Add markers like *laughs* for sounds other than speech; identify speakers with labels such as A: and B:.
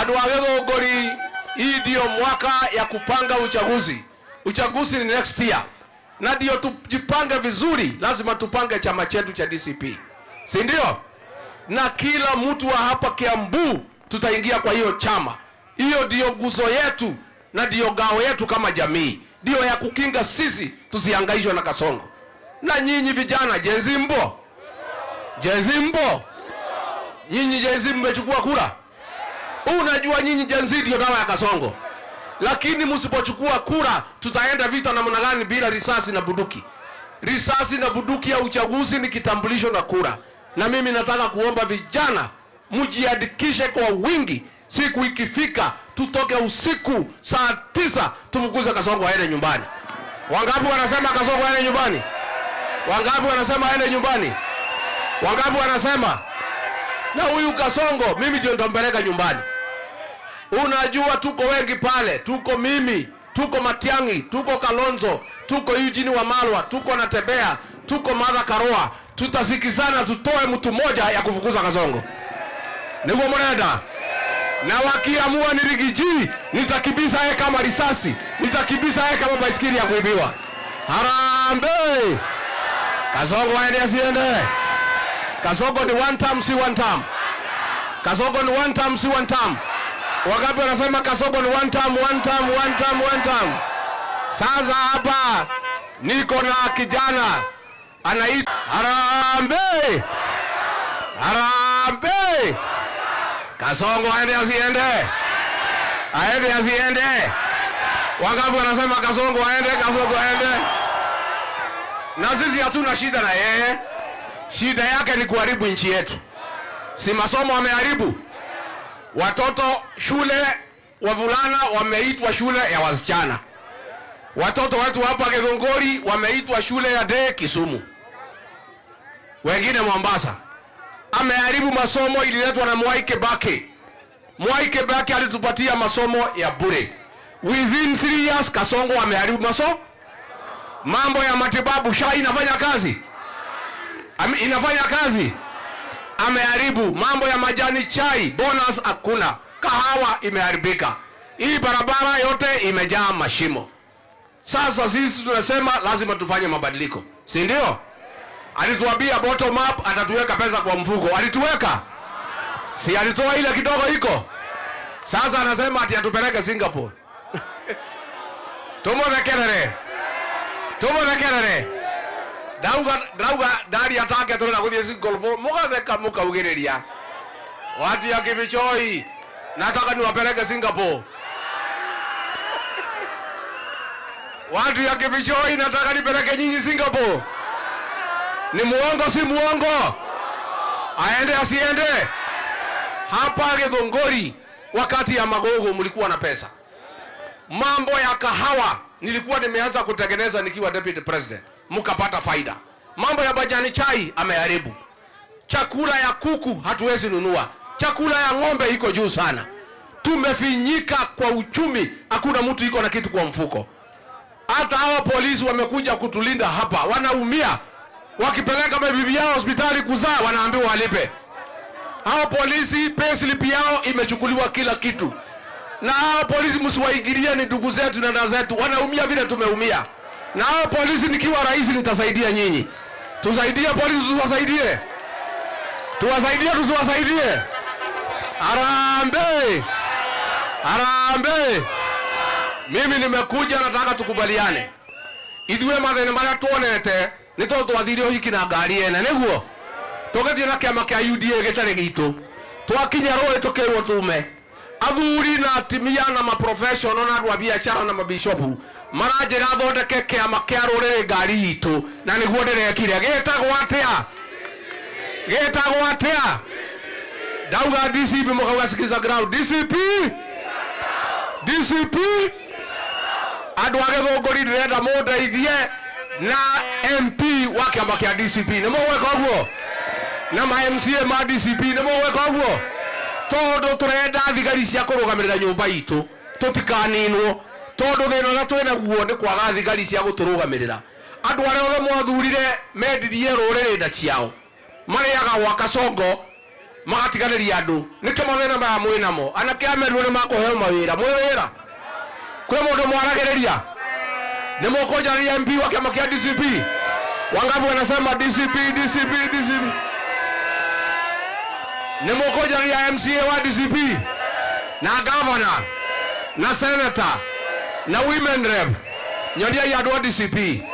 A: andu ogori hii ndiyo mwaka ya kupanga uchaguzi. Uchaguzi ni next year, na ndio tujipange vizuri. Lazima tupange chama chetu cha DCP, si ndio? Na kila mtu wa hapa Kiambu tutaingia kwa hiyo chama. Hiyo ndiyo guzo yetu na ndiyo gao yetu kama jamii, ndio ya kukinga sisi tusihangaishwe na Kasongo. Na nyinyi vijana jenzi mbo, mbo, nyinyi jenzi mmechukua kura Unajua nyinyi janzidi ndio dawa ya kasongo, lakini msipochukua kura tutaenda vita namna gani bila risasi na bunduki? Risasi na bunduki ya uchaguzi ni kitambulisho na kura. Na mimi nataka kuomba vijana mjiandikishe kwa wingi, siku ikifika tutoke usiku saa tisa tufukuze kasongo aende nyumbani. Wangapi wanasema kasongo aende nyumbani? Wangapi wanasema aende nyumbani? Wangapi wanasema? Na huyu kasongo mimi ndio ndompeleka nyumbani. Unajua tuko wengi pale, tuko mimi, tuko Matiangi, tuko Kalonzo, tuko Eugene malwa tuko Natembea, tuko Martha karoa Tutasikizana tutoe mtu mmoja ya kufukuza kazongo nivyo mnenda na wakiamua nirigiji nitakibisa yeye kama risasi, nitakibisa yeye kama baisikeli ya kuibiwa. Harambe! kazongo aende asiende? kazongo ni one time, si one time. kazongo ni one time, si one time. Wangapi wanasema kasobo ni one time, one time, one time, one time? Sasa hapa niko na kijana anaitwa Harambe. Harambe. Kasongo aende asiende? Aende asiende? Wangapi wanasema Kasongo aende, Kasongo aende? Na sisi hatuna shida na yeye. Shida yake ni kuharibu nchi yetu. Si masomo ameharibu? Watoto shule wavulana wameitwa shule ya wasichana. Watoto wetu hapa Kigongori wameitwa shule ya de Kisumu, wengine Mombasa. Ameharibu masomo ililetwa na Mwai Kibaki. Mwai Kibaki alitupatia masomo ya bure. Within three years Kasongo ameharibu masomo. Mambo ya matibabu SHA inafanya kazi, inafanya kazi ameharibu mambo ya majani chai, bonus hakuna, kahawa imeharibika, hii barabara yote imejaa mashimo. Sasa sisi tunasema lazima tufanye mabadiliko, si ndio? Alituambia bottom up, atatuweka pesa kwa mfuko. Alituweka, si alitoa ile kidogo iko. Sasa anasema ati atupeleke Singapore. *laughs* Tumo na kelele, tumo na kelele ndauga ndauga ndaria atake tå rä na gå thiä single mågatheka må kaugä rä ria watu ya kibichoi nataka niwapeleke singapore watu ya kibichoi nataka nipeleke nyinyi singapore ni muongo si muongo aende asiende hapa githunguri wakati ya magogo mlikuwa na pesa mambo ya kahawa nilikuwa nimeanza kutengeneza nikiwa deputy president mkapata faida. Mambo ya bajani chai ameharibu. Chakula ya kuku hatuwezi nunua, chakula ya ng'ombe iko juu sana. Tumefinyika kwa uchumi, hakuna mtu iko na kitu kwa mfuko. Hata hawa polisi wamekuja kutulinda hapa, wanaumia wakipeleka mabibi yao hospitali kuzaa, wanaambiwa walipe. hao polisi payslip yao imechukuliwa, kila kitu. Na hao polisi msiwaingilie, ni ndugu zetu na dada zetu, wanaumia vile tumeumia na hao polisi, nikiwa rais nitasaidia nyinyi. Tusaidie polisi, tuwasaidie, tuwasaidie, tusiwasaidie? Harambee, harambee! Mimi nimekuja, nataka tukubaliane, ithuĩ mathĩna marĩa tuonete nĩ tondũ twathire ũhiki na ngari ene nĩguo tũgĩthiĩ na kĩama kĩa UDA gĩtarĩ gitũ, twakinya rũĩ tũkĩrwo tume athuri na atimia na maprofessional na andå a na mabishopu maranjä ra thondeke kä ama kä a rä rä ngari itå na nä guo ndä rekire gä tagwo atä ndauga dcp må sikiza ground dcp dcp andå a gä thå ngå ri renda må ndeithie na mp wa kä ama kä a dcp nä må gwä ka na ma mca ma dcp nä må gwä ka tondu turenda thigari cia kurugamirira nyumba itu tutikaninwo tondu thina uria twinaguo ni kwaga thigari cia guturugamirira andu aria othe mwathurire mendirie ruriri nda ciao mariaga gwaka congo magatiganĩria andũ nĩkĩ mathĩna maya mwĩ namo anake amerirwo nĩ makũheo mawĩra mwĩ wĩra kwĩ mũndũ mwaragĩrĩria nĩ mũkũnjarĩria mp wa kĩama kĩa dcp wangabu anasema dcp dcp dcp ni mkoja ya MCA wa DCP na governor na senator na women rep nyodia ya DCP